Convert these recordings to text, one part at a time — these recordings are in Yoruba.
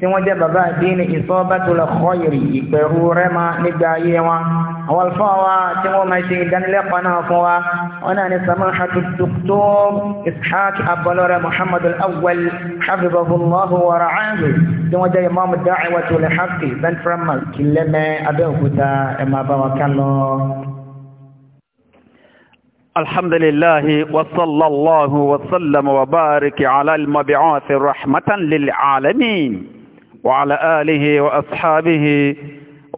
tí wọ́n jẹ́ bàbá àdínì ìsọ́bẹ́tòlẹ̀ kọ́yìrì ìpẹ̀rù rẹ́mà nígbà ayé wa àwọn alfa wa tí wọ́n máa ṣe ìdánilẹ́kọ̀ọ́ náà fún wa wọn náà ní samahatu dr ishaq abọlọrẹ muhammad al-awwal hafizahullahu wa ra'ahu tí wọ́n jẹ́ imam ben haqqi central mosque kìlẹ́mẹ́ abẹ́òkúta ẹ̀ máa bá wa kán lọ. الحمد لله وصلى الله وسلم وبارك على المبعوث رحمة للعالمين وعلى آله وأصحابه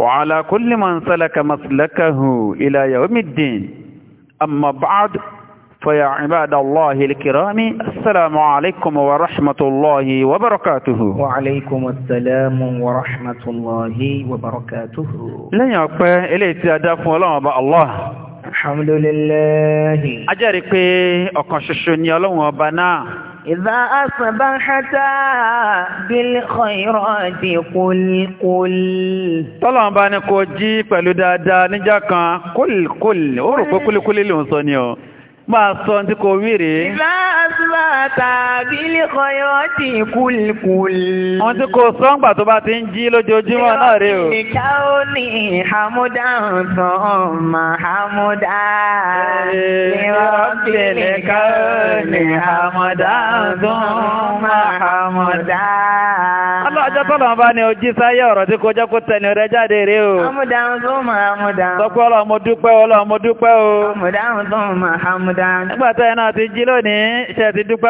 وعلى كل من سلك مسلكه إلى يوم الدين أما بعد فيا عباد الله الكرام السلام عليكم ورحمة الله وبركاته وعليكم السلام ورحمة الله وبركاته لن يقبل إليه تأداف الله الله الحمد لله أجري أكون ششني الله وبناه إذا أصبحت بالخيرات قل قل tọ́lọ́n bá ní kó jí pẹ̀lú dáadáa níjà kan kúlìkúlì ó rò pé kúlìkúlì ló ń sọ ni ó máa sọ ní kò wíre. ìlà tàbí lẹ́kọ̀ọ́ yóò ti kúlìkùl. wọ́n ti kó sọ́ngbà tó bá ti ń jí lójoojúmọ́ náà rè o. ìka ó ní hamuda sàn mà hamuda. ìrọ̀bìlì ká ó ní hamuda sàn mà hamuda. ọlọ́jọ́ tọ́lọ̀ bá ní ojú sáyé ọ̀rọ̀ tí kò jẹ́ kó tẹ̀lé rẹ jáde rè o. hamuda sàn mà hamuda. sọ́kọ́ ọlọ́mọ dúpẹ́ ọlọ́mọ dúpẹ́ o. hamuda sàn mà hamuda. nígbà tó yẹn náà ti jí lónìí ṣe ti dúpẹ́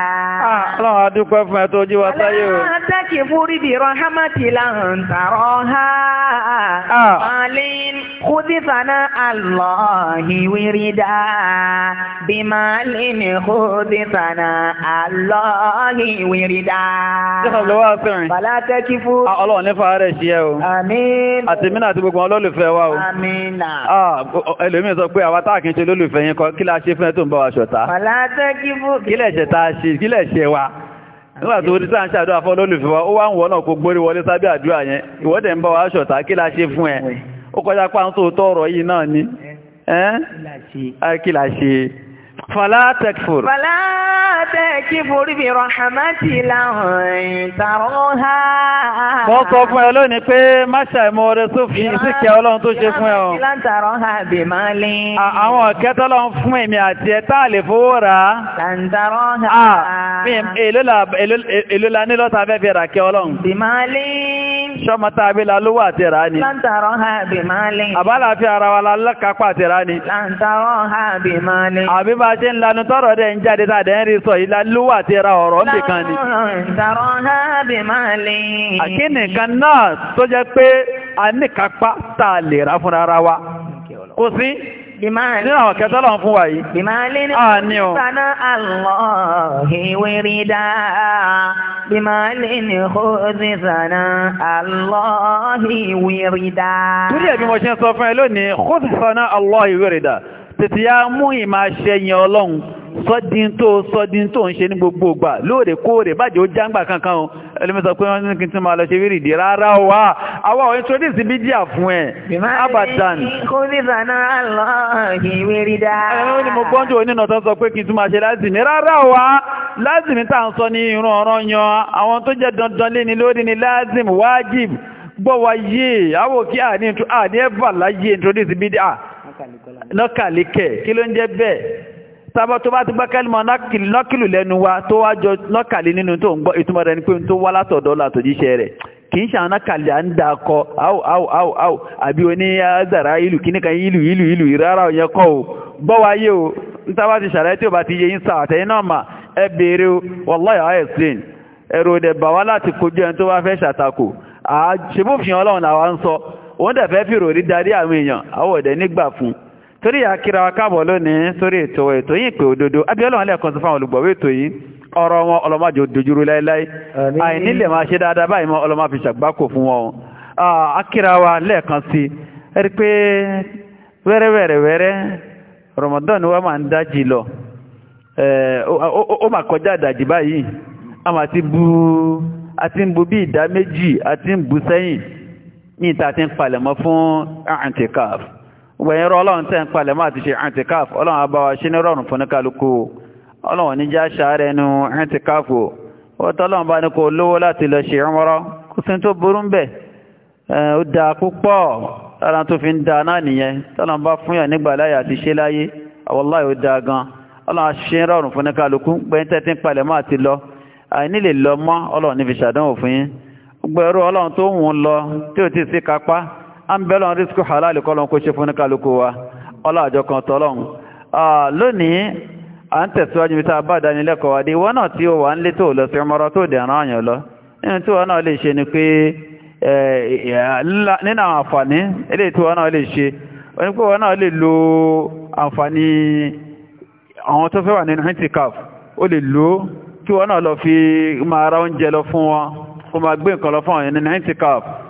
Ah, Ọlọ́run adúpẹ́ fún ẹ tó jí wa sáyé o. Tẹ́kì fúrí bí rọ́hámàtì láhùn tààrọ̀ ha. Ah. Màlín kú sí fana àlọ́hì wírídà. Bí màlín kú sí fana àlọ́hì wírídà. Jọ́sọ̀ ló wá sẹ́rìn. Bàlá tẹ́kì fú. Ah, Ọlọ́run nípa rẹ̀ ṣí ẹ o. Àmín. Àti mínà àti gbogbo olólùfẹ́ wa o. Àmín. Ẹlòmíì sọ pé àwa táàkì ń ṣe olólùfẹ́ yín kọ́ kí la ṣe fún ẹ tó ń bá wa ṣọ̀tá. Bàlá tẹ́kì fú. Kílẹ̀ ṣẹ̀ta ṣe ṣe ìkílẹ̀ wa nígbà tó ní sáà ń ṣàdúrà fọ́ wa ó wá ń wọ́n náà kó gbórí wọlé sábẹ́ àdúrà yẹn ìwọ́dẹ̀ ń bá wa ṣọ̀tá kí la ṣe fún ẹ ó kọjá páńtó tọrọ yìí náà ni ẹ́ kí la ṣe fàlá تَكِفُ بِرَحْمَتِي لَئِن تَرَوْهَا Mo sọ fún ẹ lónìí pé má ṣàìmọ̀ oore sófin ìsìnkẹ́ Ọlọ́run tó ṣe fún ẹ o. Àwọn ọ̀kẹ́tọ́ lọ fún èmi àti ẹ lè fowó rà á. Èló la nílọ́ta fẹ́ fi rà kẹ́ Ọlọ́run ṣọ́mọ tá a bí la lówó àtẹ̀rà ni. láǹtàrọ̀ ha bì máa lè. àbálàfíà ara wa la lọ́kàpá àtẹ̀rà ni. láǹtàrọ̀ ha bì máa lè. àbí bá a ṣe ń lanu tọrọ dẹ ń jáde tá a dẹ ń rí sọ yìí la lówó àtẹ̀rà ọ̀rọ̀ ń bì kan ni. láǹtàrọ̀ ha bì máa lè. àkínní kan náà tó jẹ́ pé a ní kápá tá a lè ra fúnra wa kò sí nínú àwọn kẹta lọ́n fún wa yìí. bìmálé ní ọ̀sánà àlọ́hìwérìdá bìmálé ní ọ̀sánà àlọ́hìwérìdá. torí ẹ̀bí mo ṣe ń sọ fún ẹ lónìí ọ̀sánà àlọ́hìwérìdá tètè yá mú ìmáṣẹ́yìn ọlọ́run sọ́dín tó sọ́dín tó ń ṣe ní gbogbo ìgbà lóòrèkóòrè bájẹ́ ó jáǹgbà kankan o ẹlẹ́mẹ́sọ pé wọ́n ní kí n tún máa lọ ṣe wírì dì rárá o wá àwa ò introduce bí díà fún ẹ abadan. kó ní bàná àlọ́ ìwérí dá. ẹ̀rọ ni mo gbọ́njú onínà tó ń sọ pé kí n tún máa ṣe lázìmí rárá o wá lázìmí tá à ń sọ ní irun ọ̀ràn yan àwọn tó jẹ́ dandan lé ní lórí ní lázìm wájib gbọ́ wa yé àwọ̀ kí àní ẹ̀fà láyé introduce bí díà nọ́kàlíkẹ̀ kí ló ń jẹ́ bẹ́ẹ̀ sábà tó bá ti gbọ́ kẹ́lìmọ̀ nọ́kìlù lẹ́nu wa tó wá jọ nọ́kàlì nínú tó ń gbọ́ ìtumọ̀ rẹ̀ ni pé tó wá látọ̀dọ̀ látòjíṣẹ́ rẹ̀ kì í ṣàwọn nọ́kàlì à ń da akọ áwò áwò áwò áwò àbí oní azara ìlú kìnnìkan ìlú ìlú ìlú ìrara òyìn kọ́ o gbọ́ wa yé o n sábà ti ṣàlàyé tí o bá ti yé yín sá àtẹ̀yìn náà mà ẹ béèrè o wàláyà á explain ẹ̀rọ òdẹ̀ bà torí àkíra wa káàbọ̀ lónìí sórí ètò ètò yìí pé òdodo abíọ́lọ́wọ́n lẹ́ẹ̀kan sí fáwọn olùgbọ̀wé ètò yìí ọ̀rọ̀ wọn ọlọ́mọdé dojúrú láíláí àìnílẹ̀ máa ṣe dáadáa báyìí mọ́ ọlọ́mọ fi ṣàgbákò fún wọn àkíra wa lẹ́ẹ̀kan sí ẹ̀rí pé wẹ́rẹ́wẹ́rẹ́wẹ́rẹ́ Ramadan wa máa ń dájì lọ ó máa kọjá àdàjì báyìí a máa ti bu a ti ń bu bí ìdá méjì a ti ń bu sẹ́yìn ní ìta ti ń palẹ̀mọ́ fún àǹtíkáàfù gbẹ̀yìn rọ ọlọ́run tẹ́ ń palẹ̀ máa ti ṣe antikaf ọlọ́run abáwa ṣe ní rọrùn fún ní kálukú ọlọ́run ní já ṣàárẹ̀ bá ní kò lówó láti lọ ṣe kó sí tó burú ń bẹ̀ ó da púpọ̀ lára tó fi ń da náà fún yàn nígbà àti ṣe láyé ó da gan ọlọ́run an bẹ̀rẹ̀ rísíkù halali kọlọ̀ kó ṣe fún kálukú wa ọlọ́àjọ kan tọ́lọ́n lónìí a ń tẹ̀síwájú bí ta bá dánilẹ́kọ̀ọ́ wádé wọ́n náà tí ó wà ń lé tó lọ sí ọmọrọ tó dẹ̀ràn àyàn lọ nínú tí ni pé nínú àwọn àǹfààní ilé tí wọ́n náà lè ṣe onípò wọ́n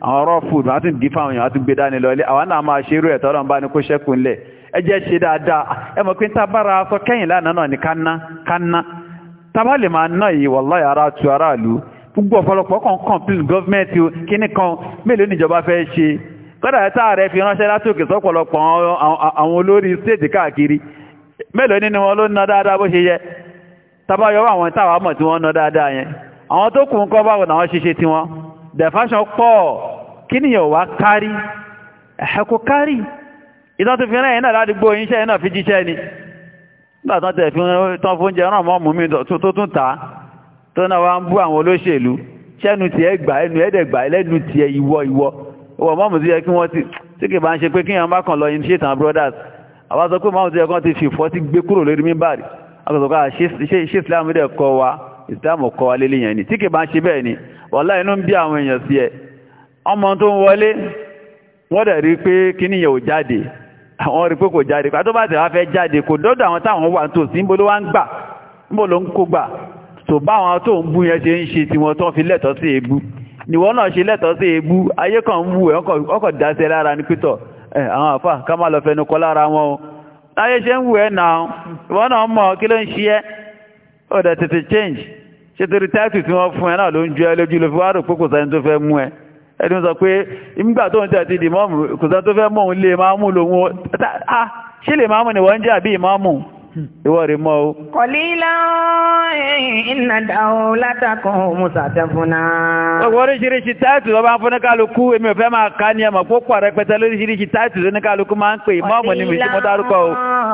àwọn raw food wọ́n tún dí fáwọn èèyàn wọ́n tún gbé dání lọ ilé àwọn náà máa ṣe irú ẹ̀tọ́ ọlọ́run bá ní kó ṣẹ́kù ńlẹ̀ ẹ ṣe dáadáa ẹ pé ń tábára aṣọ kẹ́yìn lánàá náà ní kánná kánná tábà lè máa ná yìí wallahi ara tu gbogbo ọ̀pọ̀lọpọ̀ kan complete government kíní kan fi ránṣẹ́ látòkè sọ́pọ̀lọpọ̀ àwọn olórí defashion pọ̀ kíníyàn wá kárí ẹ̀hẹ́ kó kárí ìtọ́ ti fi rán ẹ̀nà ládùúgbò iṣẹ́ ẹ̀nà fi jíṣẹ́ ni látọ́ tẹ̀ fi tán fóúnjẹ ràn mọ́ mú mi tó tún ta tó náà wá ń bú àwọn olóṣèlú ṣẹ́nu ti ẹ gbà ẹnu ẹ̀dẹ̀ gbà ẹlẹ́nu ti ṣe pé kí yàn bá kàn lọ yín ṣe tàn brothers àwọn sọ pé mọ́mù sí yẹ kí wọ́n ti fìfọ́ ti gbé kúrò lórí mímbàrì àkọsọ̀kọ́ àṣìṣe ah, Islam dẹ̀ kọ wa Islam kọ wa lélẹ́yìn ni tí kì bá ń ṣe bẹ́ẹ̀ wọ́lá inú ń bí àwọn èèyàn sí ẹ ọmọ tó ń wọlé wọ́n dẹ̀ rí pé kíní yẹn ò jáde àwọn rí pé kò jáde pàtó bá tẹ̀ wá fẹ́ jáde kò dọ́dọ̀ àwọn táwọn wà tó sí níbo ló wá ń gbà níbo ló ń kó gbà tó bá àwọn tó ń bú yẹn ṣe ń ṣe tiwọn tó fi lẹ́tọ̀ọ́ sí èébú nìwọ́n náà ṣe lẹ́tọ̀ọ́ sí èébú ayé kan ń wù ẹ̀ ọkọ̀ dáṣẹ́ lára ní àwọn àfà ká má lọ fẹnu kọ lára wọn o láyé ṣe ń wù náà ìwọ́n náà mọ̀ kí ló ń ṣe ẹ́ tètè change ṣe torí táìtù tí wọ́n fún ẹ náà ló ń ju ẹ lójú ló fi wá rò pé kò sẹ́ni tó fẹ́ mú ẹ ẹni sọ pé nígbà tó ń tẹ̀ ti dì mọ́mù kò sẹ́ni tó fẹ́ mọ̀ òun lè máa mú lòun ó ṣe lè máa mú ni wọ́n jẹ́ àbí o. kọ̀lílá iná dáwọ́ látàkùn ọ̀pọ̀ oríṣiríṣi bá ń fún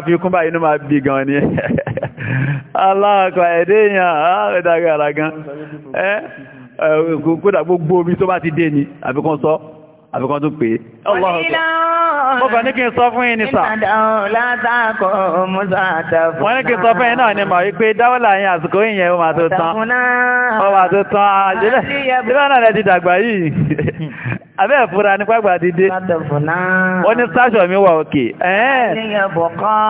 máa fi kún báyìí inú máa bí gan ni aláàkọ̀ ẹ̀dẹ́ èèyàn ààrẹ̀dàgbà ara gan kódà gbogbo omi tó bá ti dé ni àfikún sọ àfikún tó pé Mo ní kí n sọ fún yín ní Wọ́n ní kí n sọ fún yín náà ni mọ̀ wípé dáwọ́là yín àsìkò yìí yẹn ó máa tó tán. Ó máa tó tán abẹ́ ìfura ní pàgbà dídé ó ní sáṣọ̀ mi wà òkè ẹ̀ẹ́n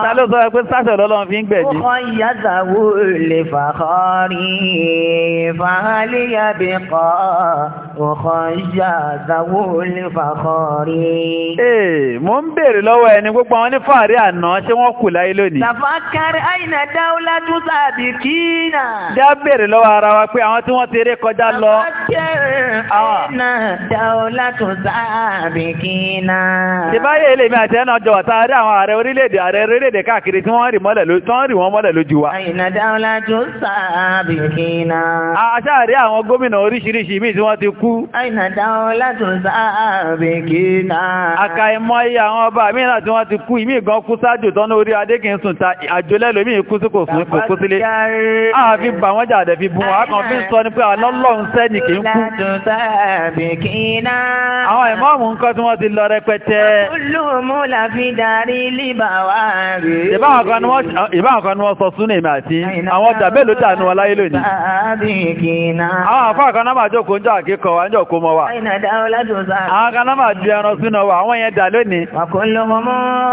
ta ló sọ pé sáṣọ̀ lọ́lọ́run fi ń gbẹ̀dí ọkọ̀ ìyázàwó lè fàkọ́rí fàálíyàbẹ̀kọ́ ọkọ̀ ìyázàwó lè fàkọ́rí ee mo ń bèèrè lọ́wọ́ ẹni gbogbo àwọn ní fàárí àná ṣé wọ́n kù láyé lónìí tó sáàbì kínà. ìbáyé ilé mi àti ẹnu ọjọ́ wà táa rí àwọn ààrẹ orílẹ̀-èdè ààrẹ orílẹ̀-èdè káàkiri tí wọ́n rì mọ́lẹ̀ lójú wa. àyìnà dáwọ́lá tó sáàbì kínà. àṣàrí àwọn gómìnà oríṣiríṣi míì tí wọ́n ti kú. àyìnà dáwọ́lá tó sáàbì kínà. àkàìmọ̀ iye àwọn ọba mi náà tí wọ́n ti kú ìmí gan kú sáájú tán lórí adékìnsùn ta àjọlẹ́lòmí kú sí kò a kàn Àwọn ìmọ̀ọ̀mù nǹkan tí wọ́n ti lọ rẹpẹtẹ. Olúmú la fi darí líbà wá rè. Ìbáwọn kan ni wọ́n sọ súnú èmi àti àwọn ọjà mélòó jà ní wọn láyé lónìí. Àwọn àfáà kan náà máa ń jọ àkíkọ̀ wa ń jọ kó mọ wa. Àwọn kan náà máa ju ẹran sínú wa, àwọn yẹn dà lónìí.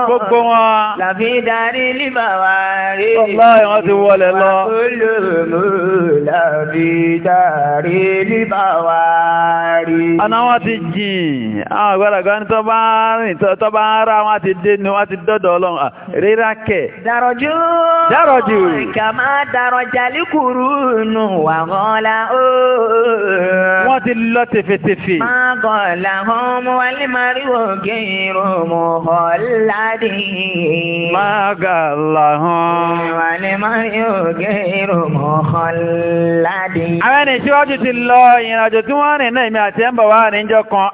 Gbogbo wọn. La fi darí líbà wá rè. Ọlọ́run ti wọlé lọ. Olúmú la fi darí líbà wá Àná wọn ti jí jìn hmm. àwọn ah, àgbàlagbà ní tọ́bá rìn tọ́bá ara wọn ti dé ní wọ́n ti dọ́dọ̀ ọlọ́run ah, rírá kẹ̀. dàrọ̀jú dàrọ̀jú kàmá dàrọ̀jà líkùrú nù wà gọ́lá ooo. wọ́n ti lọ tẹ̀fẹ̀tẹ̀fẹ̀. àwọn ẹni tí wọ́n ti lọ ìrìnàjò tí wọ́n rìn náà èmi àti ẹ̀ ń bọ̀ wá kan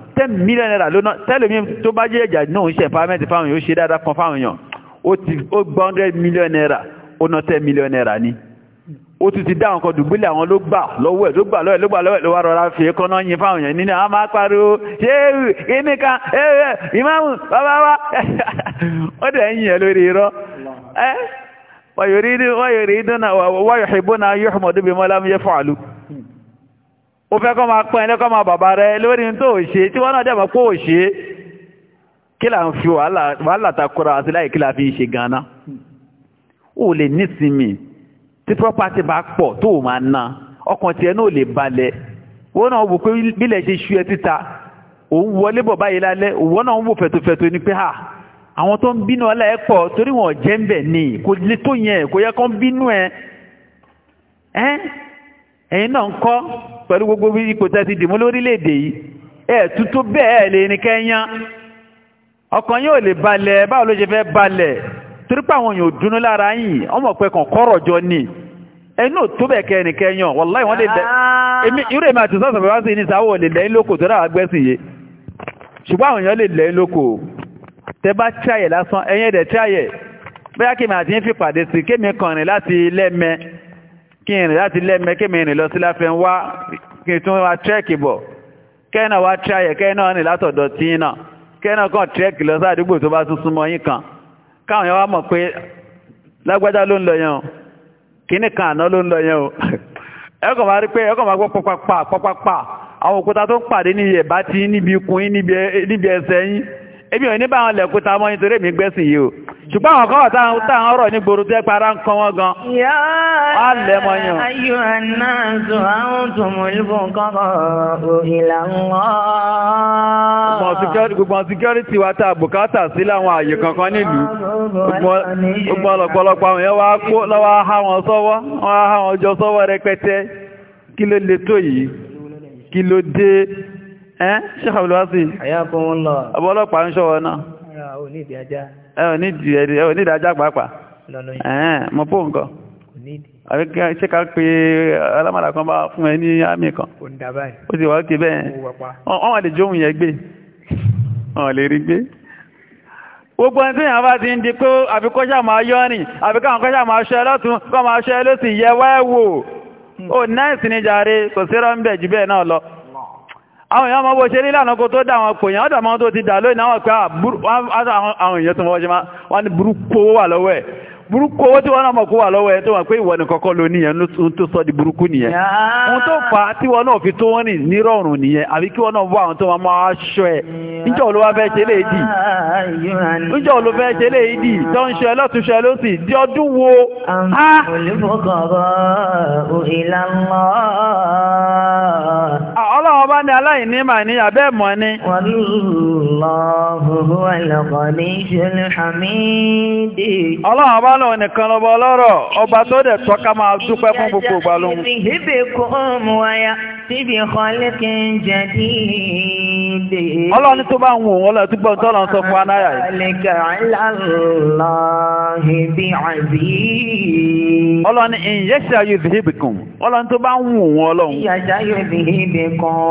ten million naira lónà tẹ́lẹ̀mí tó bá jẹ́ ìjà náà ń ṣe empowerment fáwọn èèyàn ó ṣe dáadáa kan fáwọn èèyàn ó ti ó gba hundred million naira ó ná ten million naira ni ó tún ti dá àwọn kan dùgbìlẹ̀ àwọn ló gbà lọ́wọ́ ẹ̀ ló gbà lọ́wọ́ ẹ̀ ló gbà lọ́wọ́ ẹ̀ ló wà rọra fi kọ́nà yín fáwọn èèyàn nínú àwọn máa pariwo ṣé kíní kan ẹ̀ẹ́ ìmáàmù bàbá wa ó dẹ̀ ń yìn ẹ́ lórí irọ́ ẹ́ wàyòrí dúnà wàyòrí dúnà wàyòrí dúnà yóò mọ̀ọ́dún bí mọ́lá mi yẹ fún àlù ó fẹ́ kọ́ máa pẹ́ ẹlẹ́kọ́ máa bàbá rẹ lórí tó ò ṣe tí wọ́n náà dẹ̀ mọ́ pé ò ṣe kí là ń fi wàhálà takora àti láì kí là fi ṣe gan-an ó lè nísinmi tí property bá pọ̀ tó o máa ná ọkàn tiẹ̀ náà lè balẹ̀ wọ́n náà wò pé bílẹ̀ ṣe ṣú ẹ títa òun wọlé bọ̀ báyìí lálẹ́ òun náà ń wò fẹ̀tọ̀fẹ̀tọ̀ ni pé ha àwọn tó ń bínú ọlá ẹ pọ̀ torí wọn jẹ́ ń bẹ̀ ni kò lè tó yẹn kò yẹ kán bínú ẹ ẹ ẹ̀yin náà ń kọ́ pẹ̀lú gbogbo ipò tẹ́tí dìmú lórílẹ̀-èdè yìí ẹ̀ tútú bẹ́ẹ̀ lè ní kẹ́yán ọkàn yóò lè balẹ̀ báwo ló ṣe fẹ́ balẹ̀ torípà àwọn èèyàn dúnú lára yìí ọmọ pẹ́ kàn kọ́rọ̀ jọ ni ẹnu tó bẹ̀ kẹ́ ní kẹ́yán wàláì wọ́n lè dẹ́ ah. èmi irú èmi àti sọ́sọ̀ bàbá sí ní sáwọ́ lè lẹ́yìn lóko tó dára gbẹ́sìn yìí ṣùgbọ́n àwọn èèyàn lè lẹ́yìn kí n rìn láti lẹ́mẹ́ kí mi rìn lọ sí láfẹ́ ń wá kí n tún wá tírẹ́kì bọ̀ kẹ́ẹ̀nà wá tíráyẹ̀ kẹ́ẹ̀nà rìn látọ̀dọ̀ tí ń náà kẹ́ẹ̀nà kàn tírẹ́kì lọ sáàdúgbò tó bá tún súnmọ́ yín kan káwọn yẹn wá mọ̀ pé lágbájá ló ń lọ yẹn o kíní kan àná ló ń lọ yẹn o ẹ̀kọ́ máa rí pé ẹ̀kọ́ máa gbọ́ pàpàpà pàpàpà àwọn òkúta tó ń pàdé ní ẹ̀bá tí níbi ikùn níbi ẹsẹ̀ yín ebi ò ní lẹ̀kúta mọ́ nítorí èmi gbẹ́sìn yìí o ṣùgbọ́n àwọn kọ́wọ̀ táwọn ọ̀rọ̀ ní gbòrò tẹ́ para ń kọ́ wọ́n gan alẹ́mọ̀yàn ayò ànáàzò àwọn tòmòlúbò kọ́kọ́ ìlànà gbogbo security wa ta bùkátà sí láwọn àyè kankan nílùú gbogbo ọlọ̀pọ̀lọpọ̀ àwọn yẹn lọ́wọ́ há wọn kí ló le tó yìí kí ló dé ẹ́ ṣe àbúlọ́wọ́sí ọ̀pọ̀lọpàá ń ṣọ́wọ́ náà ò ní ìdí ajá. ẹ ò ajá pàápàá. ẹ̀ẹ́n mo pò nǹkan. àbí ṣé ká pé alámàdà kan bá fún ẹ ní àmì kan. kò ní dábàá yìí. ó sì wá kí bẹ́ẹ̀. ọ̀hún lè jóhun yẹn gbé. lè rí gbé gbogbo ẹni tí bá ti ń di pé àbíkọ́ṣà máa yọ́ ni àbíkọ́ṣà máa ṣe lọ́tún kọ́ máa ṣe lọ́sì yẹ wẹ́wò hmm. ó náà ìsinmi jàre kò sí rọ́ńbẹ̀ jù bẹ́ẹ̀ náà lọ àwọn èèyàn ọmọ bó ṣe nílànà kó tó dá àwọn ọkọ̀ èèyàn ọ̀dọ̀mọ́ tó ti dà lónìí àwọn pé ah, àwọn èèyàn tó wọ́n ṣe máa wọ́n ní burúkú wà lọ́wọ́ ẹ̀ burúkú owó tí wọ́n náà mọ̀ kó wà lọ́wọ́ ẹ̀ tó wọ́n pé ìwọ ní kọ́kọ́ ló níyẹn ohun tó sọ di burúkú nìyẹn ohun tó fà á tí wọ́n náà fi tó wọ́n ní nírọ̀rùn nìyẹn àbí kí wọ́n náà wọ àwọn tó máa máa ṣọ ẹ̀ níjọ́ ló wá fẹ́ ṣe lè dì níjọ́ ló fẹ́ ṣe lè dì tó ń ṣe lọ́tún ṣe ló sì di ọdún wo. olùfọkànrọ òhìlà mọ́ ọlọ́wọ́ bá ní aláìní mà ní àbẹ́ mọ̀ ní. ọlọ́wọ́ bá lọ nìkan lọ́bọ ọlọ́rọ̀ ọba tó dẹ̀ tọ́ka máa dúpẹ́ fún gbogbo ìgbà lóhun. ọlọ́wọ́ ní tó bá ń wò wọ́n lọ túbọ̀ tó lọ sọ fún anáyà yìí. ọlọ́wọ́ ní ìyẹ́sẹ̀ ayé ìdìbìkùn ọlọ́wọ́ ní tó bá ń wò wọ́n lọ́hun. ìyàjá yóò ìdìbìkùn.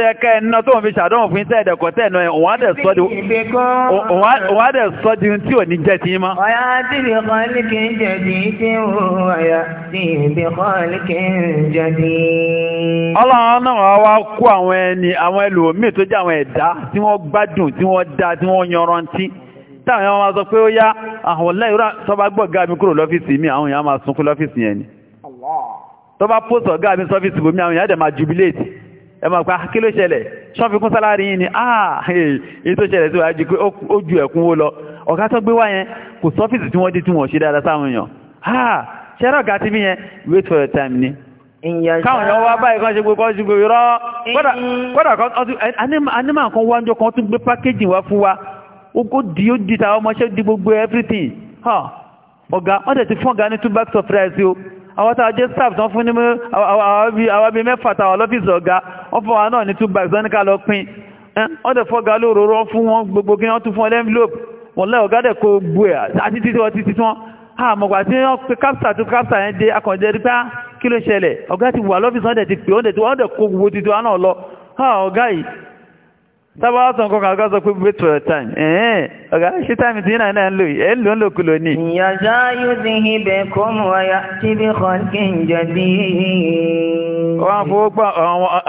yẹ ká ẹ̀nà tó ń fi ṣàdánwò fún iṣẹ́ ẹ̀dẹ̀kọ̀ tẹ̀nà ẹ̀ òun á dẹ̀ sọ di tí ò ní jẹ́ ti mọ́. ọ̀yá tí ibi kan ní kí n jẹ̀dí tí ó ọ̀yá tí ibi kan ní kí n jẹ̀dí. ọlọ́run náà wá kó àwọn ẹni àwọn ẹlòmíì tó jẹ́ àwọn ẹ̀dá tí wọ́n gbádùn tí wọ́n dá tí wọ́n yanrantí táwọn èèyàn máa pósọ̀ ah, ọ̀gá sọ́fíìsì bòmí àwọn èèyàn dẹ̀ máa jubiléètì ẹ máa pa kí ló ṣẹlẹ̀ ṣọ́fikún sálárì yìí ni ah èyí tó ṣẹlẹ̀ síwájú ju pé ó ju ẹ̀kúnwó lọ ọ̀gá tó gbé wá yẹn kò sọ́fíìsì tí wọ́n dé tí wọ́n ṣe dáadáa sáwọn èèyàn ah ṣẹ́rọ̀ ọ̀gá tí bí yẹn wait for your time ni káwọn èèyàn wá báyìí kan ṣe gbogbo ọdún gbogbo irọ́ kódà anímọ̀ kan wá ọjọ́ kan tún gbé pákéjì wá fún wa ó di ó di tàwọn ọmọṣẹ́ di gbogbo everything ọ̀gá wọ́n tẹ̀ ti fún ọ̀gá ní two bags of rice o àwọn tàwọn jẹ́ staff tán fún ní àwọn bíi mẹ́fà tàwọn lọ́fíìsì ọ̀gá wọ́n fọ́ wa náà ní two bags wọ́n ní ká lọ pín wọ́n tẹ̀ fọ́gá lóróró fún wọn gbogbo kí wọ́n tún fún envelope wọ́n lẹ́ ọ̀gá dẹ̀ kó gbé àti títí wọ́n títí tí wọ́n àmọ̀gbà tí wọ́n pe capsa tó capsa yẹn dé akọ̀jẹ́ rí pé ah, kí ló ṣẹlẹ̀ ọ̀gá ti wà lọ́fíìsì wọ́n dẹ̀ ti pè wọ́n kó gbogbo títí wọn lọ ọ̀gá yìí sábà sọ nǹkan kan gọ́sọ pé wait for your time ẹ̀ẹ́n ọ̀gá ṣí táìmì tí náà náà ń lò ẹ̀ ń lò ń lò kú lò ní. ìyàjá yóò ti hin ibẹ̀ kó mu ọya tí bí kan kí jẹ bí. wọ́n á fowó pa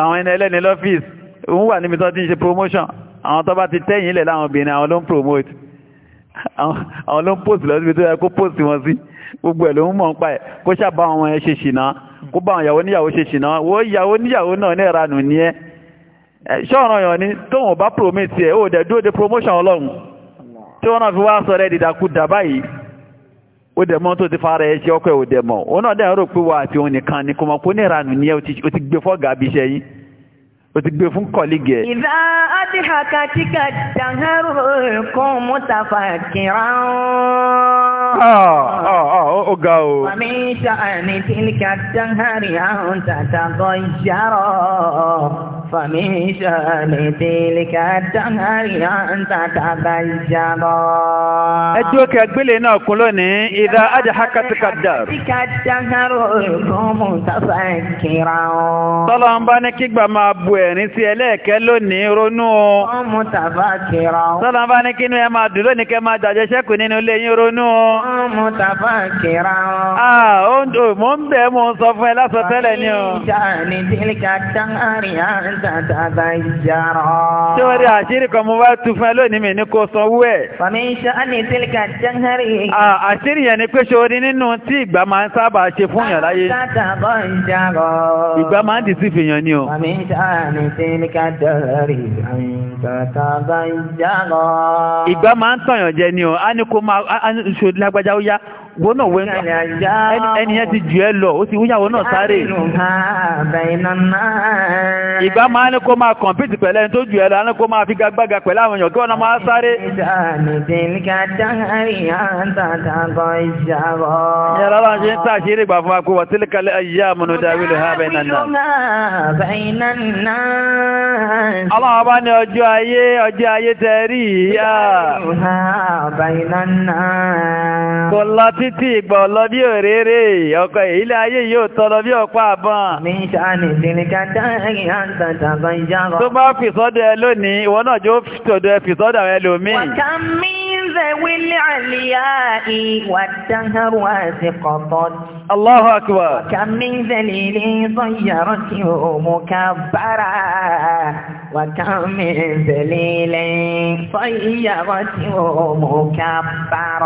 àwọn ẹni ẹlẹ́ni lọ́fíìsì òun wà níbi tó ti ń ṣe promotion àwọn tó bá ti tẹ́yìn ilẹ̀ láwọn obìnrin àwọn ló ń promote àwọn ló ń post lọ síbi tó yẹ kó post wọn sí gbogbo ẹ̀ ló ń mọ̀ ń pa ẹ̀ kó ṣàbá àwọn ẹ̀ ṣe ṣìnà kó bá àwọn ìyàwó níyàwó ṣe ṣìnà wọ́n ìyàwó níyàwó náà ní ìranù ní ẹ́ Eh, ṣọ́ọ̀ràn yàn ni tóun bá promise ẹ̀ ó dẹ̀ dúró de promotion ọlọ́run tí wọ́n náà fi wá sọ rẹ̀ dìdàkú dàbá yìí ó dẹ̀ mọ́ tó ti fara ẹ̀ ṣe ọkọ̀ ẹ̀ ò dẹ̀ mọ̀ ó náà dẹ̀ rò pé wà àti òun nìkan ni kò mọ̀ pé ó ní ìranù ni ẹ ó ti gbé fọ́gà bí iṣẹ́ yín ó ti gbé fún kọ́lígẹ̀. ìdá adìhàkà tí ká dàhẹ́rù kún mútafà فمن شان تلك الدهر أن تتبجرا ẹjọ́ kẹgbélé náà kún lónìí ìdá adìhákàtìkà dàrú. tọ́lọ́ ń bá ní kígbà máa bu ẹ̀rín sí ẹlẹ́ẹ̀kẹ́ lónìí ronú o. tọ́lọ́ ń bá ní kínú ẹ máa dùn lónìí kẹ́ máa jàjẹ́ sẹ́kù nínú ilé yín ronú o. mò ń bẹ̀ mò ń sọ fún ẹ lásọtẹ́lẹ̀ ni o tàtàbàjára. Ṣé wọ́n rí àṣírí kan mo bá tu fún ẹ lónìí mi ní kò sanwó ẹ̀? Fàmí iṣẹ́ á ní tílíkà jẹ́hẹ́rì. Àṣírí yẹn ni pé ṣe orí nínú tí ìgbà máa ń sábà ṣe fún yàn láyé. Tàtàbàjára. Ìgbà máa ń dìsí fìyàn ni o. Fàmí iṣẹ́ á ní tílíkà jẹ́hẹ́rì. Tàtàbàjára. Ìgbà máa ń tọ̀yàn jẹ ni o. A ní kó máa ṣòdì lágbájá ó yá wọ́n náà wẹ́n ẹni yẹn ti jù ẹ lọ ó ti wúyàwó náà sáré ìgbà máa ní kó máa kọ̀mpìtì pẹ̀lẹ́ tó jù ẹ lọ á ní kó máa fi gagbága pẹ̀lú àwọn èèyàn kí wọ́n máa sáré yàrá láwọn ṣe ń tà ṣe rí ìgbà akó wà tílé kalẹ̀ ayé àmúnú dáwílù ha bẹ́ẹ̀ náà ọlọ́wọ́ bá ní ọjọ́ ayé ọjọ́ ayé tẹ́rí yá kò láti títí ìgbà ọ̀lọ́ bí òréré ọkọ̀ ilé ayé yóò tọ́lọ bí ọ̀pá àbọ̀n. mi ṣàní ìsìnká dáhìn àǹtàǹtà bá ń jára. tó bá fìsọ́dọ̀ ẹ lónìí ìwọ náà jó tòdọ̀ ẹ fìsọ́dọ̀ ẹ lómi. wàtá mi ń zẹ̀ wílé àlìyá ìwàdáhàrú àti kọ̀tọ́. Allahu akbar. wàtá mi ń zẹ̀ lè وكم من ذليل صيغة مكبرا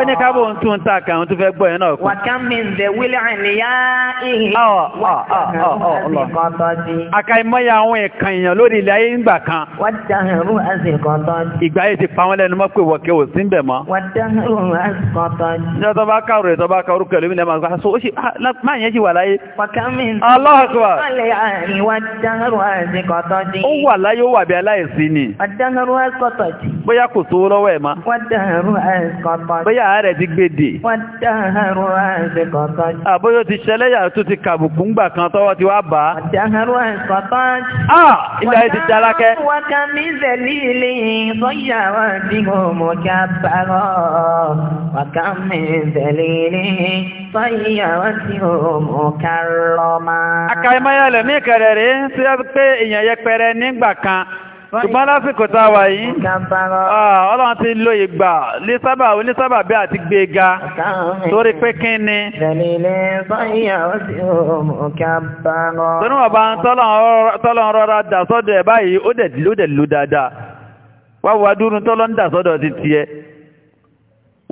ó ní káàbọ̀ ń tún ta kàrún tó fẹ́ gbọ́ ẹ̀ náà kú. وكم من ذوي العلياء àkàìmọ́yà àwọn ẹ̀kan èèyàn lórí ilẹ̀ ayé ńgbà kan. والدهر أزقط ìgbà yìí ti pa wọ́n lẹ́nu mọ́ pé wọ̀kẹ́ ò sí ń bẹ̀ mọ́. والدهر أزقط ní ọ̀tọ́ bá kárò rẹ̀ tọ́ bá kárò kẹlẹ́ mi lẹ́mọ̀ àgbà so ó ṣe ah, máa yẹn ti wà láyé. وكم من ذوي العلياء والدهر أزقط wà láyé ó wà bí aláìsí ni. ọ̀dánarú ẹ̀kọ́tọ̀ bóyá kò sówó lọ́wọ́ ẹ̀ ma. ọ̀dánarú ẹ̀kọ́tọ̀ bóyá ààrẹ ti gbèdè. ọ̀dánarú ẹ̀kọ́tọ̀ jì. àbóyọ ti ṣẹlẹ́yà tó ti kàbùkù ńgbà kan tọ́wọ́ ti wá bá. ọ̀dánarú ẹ̀kọ́tọ̀ ah ilé ayé ti jalákẹ́. wákàmí zẹ̀lí ilé sọ́yà ńgbà kan ṣùgbọ́n lásìkò tá yìí ọlọ́run ti lo ìgbà lé sábà bí àti gbé torí pé kí ni tóníwọ̀n bá ń tọ́lọ́run rọra dà sọ́dọ̀ ẹ̀ báyìí ó dẹ̀ ló dáadáa wá wàdúrú tọ́lọ́run dà sọ́dọ̀ ti tiẹ̀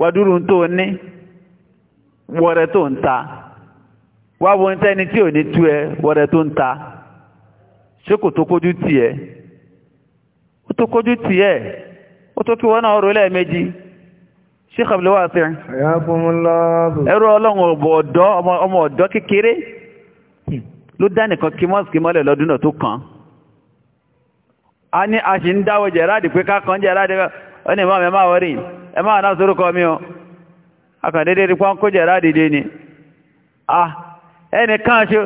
wàdúrú tó ní wọ̀rẹ̀ tó ń ta wá wo tẹ́ni tí ò ní tú ẹ wọ̀rẹ̀ tó ń ta ṣé kò tó kójú tiẹ̀ ó tó kójú tiẹ̀ ó tó kí wọ́n náà rò lẹ́ẹ̀mejì Sheikh Abdul Wasi ẹrú ọlọ́run ọ̀dọ́ ọmọ ọ̀dọ́ kékeré ló dá nìkan kí mọ́sìkì mọ́lẹ̀ lọ́dún náà tó kàn á ní a ṣì ń dáwọ́ jẹ̀ráàdì pé kákan jẹ̀ráàdì ó ní ìmọ̀ ẹ̀má wọ́rí ẹ̀má àná sórúkọ mi o akàndédé rí pọ́n kó jẹ̀ráàdì dé ni ah, ẹnìkan ṣe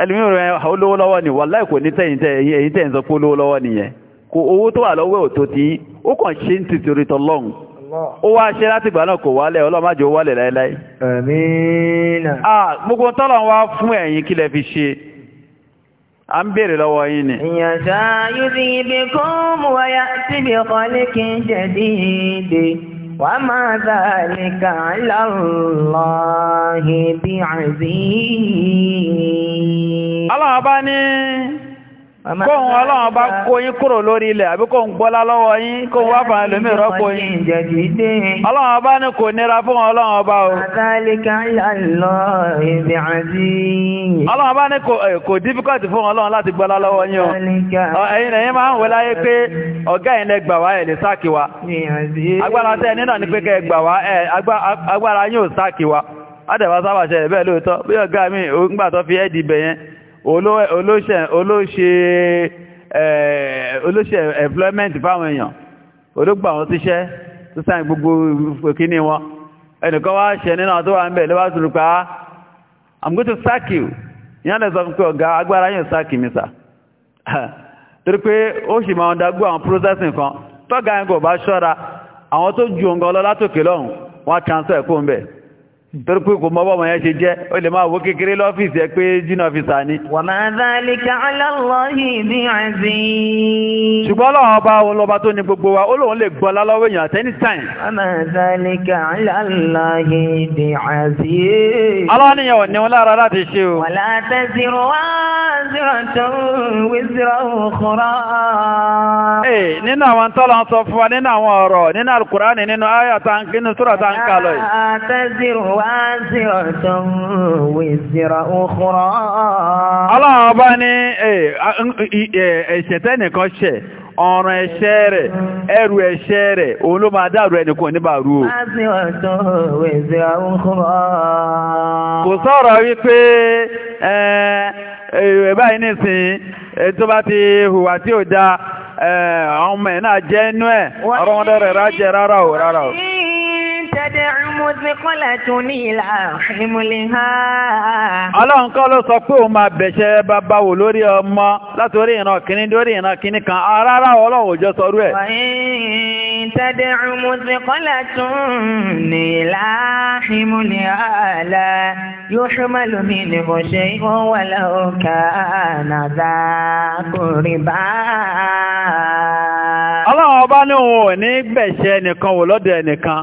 ẹlùmí rẹ̀ olówó lọ́wọ́ ni wà láìkò ní tẹ́yìn tẹ́yìn sọ pé olówó lọ́wọ́ nìyẹn kò owó tó wà lọ́wọ́ ò tí ó kàn ṣe ń ó wá ṣe láti ìgbà náà kò wálẹ̀ ọlọ́májò wálẹ̀ láíláí. gbogbo tọ́lọ̀ wá fún ẹ̀yìn kí lẹ a ń lọ́wọ́ yín ni. وما ذلك على الله بعزيز الله بني kóhun ọlọ́run bá kó yín kúrò lórí ilẹ̀ àbí kóhun gbọ́lá lọ́wọ́ yín kóhun wá fàá lómi rọ́pò yín ọlọ́run bá ní kò nira fún ọlọ́run bá o ọlọ́run bá ní kò eh, fún ọlọ́run láti ní olóṣe employment fáwọn èèyàn olóògbà wọn ti ṣẹ́ tó sáyìn gbogbo òkíní wọn ẹnìkan wá ṣẹ nínú àwọn tó wà ń bẹ̀ lọ́wọ́ tó rúpa ah, i'm going to sack you ìyá lẹ́sọ fún pé ọ̀gá agbára yóò sack mi sà torí pé ó sì máa dágbó àwọn processing kan tọ́gá yẹn kò bá ṣọ́ra àwọn tó ju òǹgọ́ lọ látòkè lọ́hùn wọ́n á transfer kó ń bẹ̀ torí pé kò mọ́bọ̀ mọ̀ yẹn ṣe jẹ́ o lè máa wo kékeré lọ́fíìsì ẹ pé jìnnà ọ̀fíìsà ni. wa ma dhalika ala Allahi bi aziz. ṣùgbọ́n ọlọ́run ọba olọba tó ní gbogbo wa ó lóun lè gbọ́ lálọ́wọ́ èèyàn at any time. wa ma dhalika ala Allahi bi aziz. ní wọn taziru waziratan wizra ukhra. ọlọ́run ọba ní ẹ̀ṣẹ̀ tẹ́nìkan ṣẹ̀ ọ̀ràn ẹ̀ṣẹ̀ rẹ̀ ẹrù ẹ̀ṣẹ̀ rẹ̀ òun ló máa dárò ẹnìkan níbà rú o. kò sọ̀rọ̀ wípé ẹ̀ báyìí nìsín tó bá ti hùwà tí ò dáa ọmọ ẹ̀ náà jẹ́ inú ẹ̀ ọ̀rọ̀ wọn dẹ́rẹ̀ rájẹ rárá o rárá o tẹ́dẹ̀ rúmútí kọ́lá tún ní ìlà ìmúlé ha. ọlọ́run kọ́ ló sọ pé òun máa bẹ̀ṣẹ̀ bàbá wò lórí ọmọ látòrí ìran kìíní dórí ìran kìíní kan arára ah, ọlọ́run òjò sọrú ẹ̀. tẹ́dẹ̀ rúmútí kọ́lá tún ní ìlà ìmúlé àlá yóò ṣọ́mọ́lù mi ní mo ṣe ìwọ wà lọ́ọ̀kà nàdà kùrìbá. ọlọ́run ọba ní òun ò ní gbẹ̀ṣẹ̀ nìkan wò lọ́dọ̀ ẹnìkan.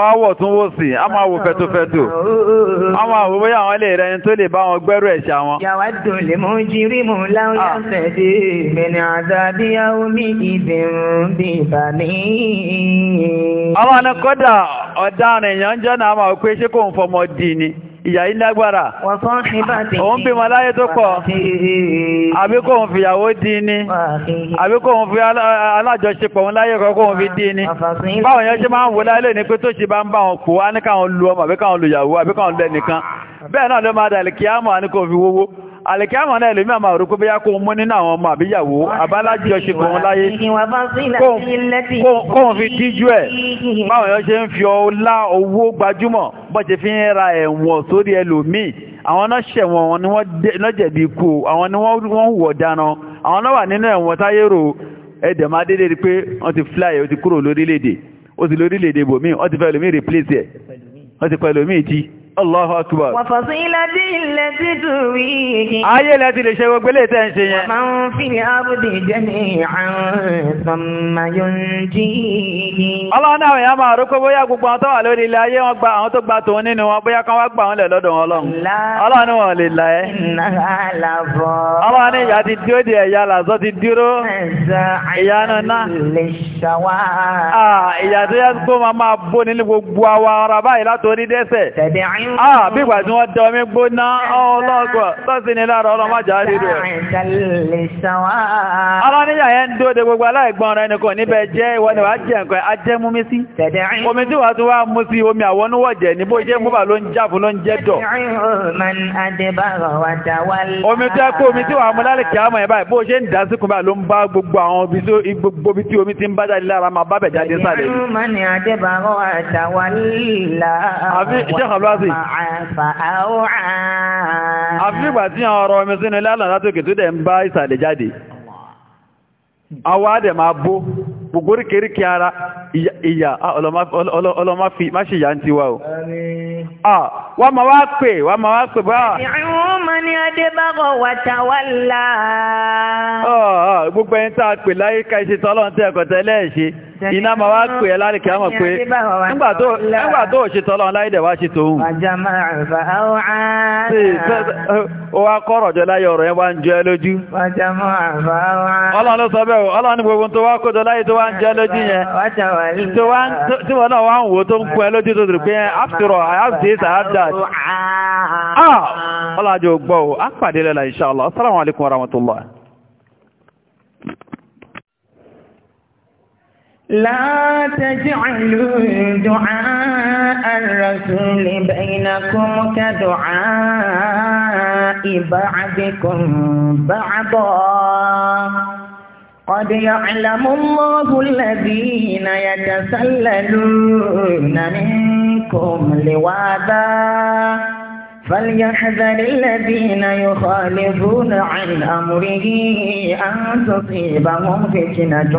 máa wá tún sí a máa wò fẹ́tofẹ́tò a máa wò bóyá àwọn lè rẹ tó lè bá wọn gbẹ́rù ẹ̀ṣẹ̀ wọn yàwá dùn lè mú jírí mú láwọn ah. yàtọ̀ dé mẹ́ni àzàbíyáwó mi ìdè ń bí ìbàmí. àwọn anakọ́dà ọ̀daràn èèyàn ń ìyà yìí lágbára òun bí wọn láyé tó pọ̀ àbíkò òun fìyàwó dín ní àbíkò òun fi alájọṣepọ̀ òun láyé kọ́kọ́ òun fi dín ní báwọn yẹn ṣe máa ń wò láyé ní pé tó ṣe bá ń bá wọn kò wá ní káwọn lu ọmọ àbíkáwọn lu ìyàwó àbíkáwọn lẹ́nìkan bẹ́ẹ̀ náà ló máa dàlẹ̀ kíámọ̀ àníkò fi wówó àlèkí àmọ̀ náà lèmí àmà òrùkú bí yá kó mú nínú àwọn ọmọ àbíyàwó abálájọ́ ṣe kò ń láyé kóhùn fi díjú ẹ̀ báwọn yọ́ ṣe ń fi ọlá owó gbajúmọ̀ bọ́ ṣe fi ń ra ẹ̀wọ̀n sórí ẹlòmíì àwọn náà ṣẹ̀wọ̀n wọn ni wọ́n jẹ̀bi ikú àwọn ni wọ́n hùwọ̀ dáná àwọn náà wà nínú ẹ̀wọ̀n táyérò ẹ̀dẹ̀ fly ó ti kúrò lórílẹ̀-èdè ó ti lórílẹ̀-èdè bòmíì wọ́n ti fẹ́ ẹlòmíì replace ẹ̀ Allahu akbar. Wa fasilati allati tuwihi. Ayé láti lè ṣe gbogbo léètẹ́ ń ṣe yẹn. Wa man fil ardi jami'an thumma yunjihi. Ọlọ́run náà yà máa rú pé bóyá gbogbo àwọn tó wà lórí ilẹ̀ ayé wọn gba àwọn tó gba tòun nínú wọn bóyá kan wá gbà wọn lẹ̀ lọ́dọ̀ wọn lọ́hùn. Ọlọ́run wọn Ah, bí ìgbà tí wọ́n dẹ omi gbóná ọlọ́gbọ̀ tọ́sí ni lára ọlọ́májá rírò ẹ̀. Ọlọ́níyà yẹn ń dóde gbogbo aláìgbọ́n rẹ̀ nìkan níbẹ̀ jẹ́ ìwọ́n ni wà jẹ́ nǹkan ajẹ́ mú mi sí. Omi tí wà tún wá mú sí omi àwọnúwọ̀jẹ̀ ní bó jẹ́ múbà ló ń jáàbù ló ń jẹ́ dọ̀. Omi tó kó omi tí wà mú lálẹ́ kí á mọ̀ ẹ̀ báyìí bó ṣe ń dá síkùn bá ló ń bá gbogbo àwọn gbogbo ibi tí omi ti ń bá jáde lára máa bá bẹ̀ jáde sáré. Àbí ìṣẹ́ àfígbà tí àwọn ọ̀rọ̀ omi sínú lálàá látòkè tó dẹ̀ ń bá ìsàlẹ̀ jáde àwọn àdẹ̀ máa bó gbogbo ríkèríkè ara ìyà ọlọ́má fi má ṣe ìyà ń tiwa o wọ́n ma wá pè wọ́n ma wá pè bá ìrún mọ́ ní gbogbo ẹni iná ma wá pè ẹ lárí kìámọ̀ pé nígbà tó ò ṣe tọ́lọ́ láìdẹ̀ wá ṣe tóhun ó wá kọ́rọ̀ jọ láyé ọ̀rọ̀ yẹn wá ń jọ ẹ lójú ọlọ́run ló sọ bẹ́ẹ̀ ọlọ́run ní gbogbo tó wá kójọ láyé tó wá ń jẹ lójú yẹn tí wọ́n náà wá ń wò tó ń kún lójú tó dùn pé eh, after all لا تجعلوا دعاء الرسول بينكم كدعاء بعضكم بعضا قد يعلم الله الذين يتسللون منكم لواذا فليحذر الذين يخالفون عن أمره أن تصيبهم فتنة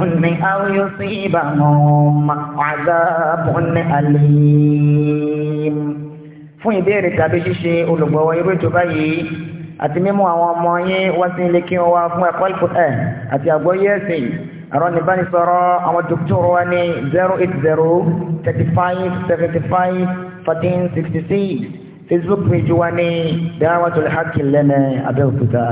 أو يصيبهم عذاب أليم fún ìbéèrè tàbí ṣíṣe olùgbọ̀wọ́ irú ètò báyìí àti mímú àwọn ọmọ yín wá sí ilé kí wọ́n wá fún ẹ̀kọ́ ìpò ẹ̀ àti àgbọ́yé ẹ̀sìn ẹ̀rọ nìbánisọ̀rọ̀ àwọn dókítọ̀rọ̀ wa ní 080 35 75 14 66 facebook page wa ní dáwàtò lẹ́hàkì lẹ́nà abẹ́òkúta.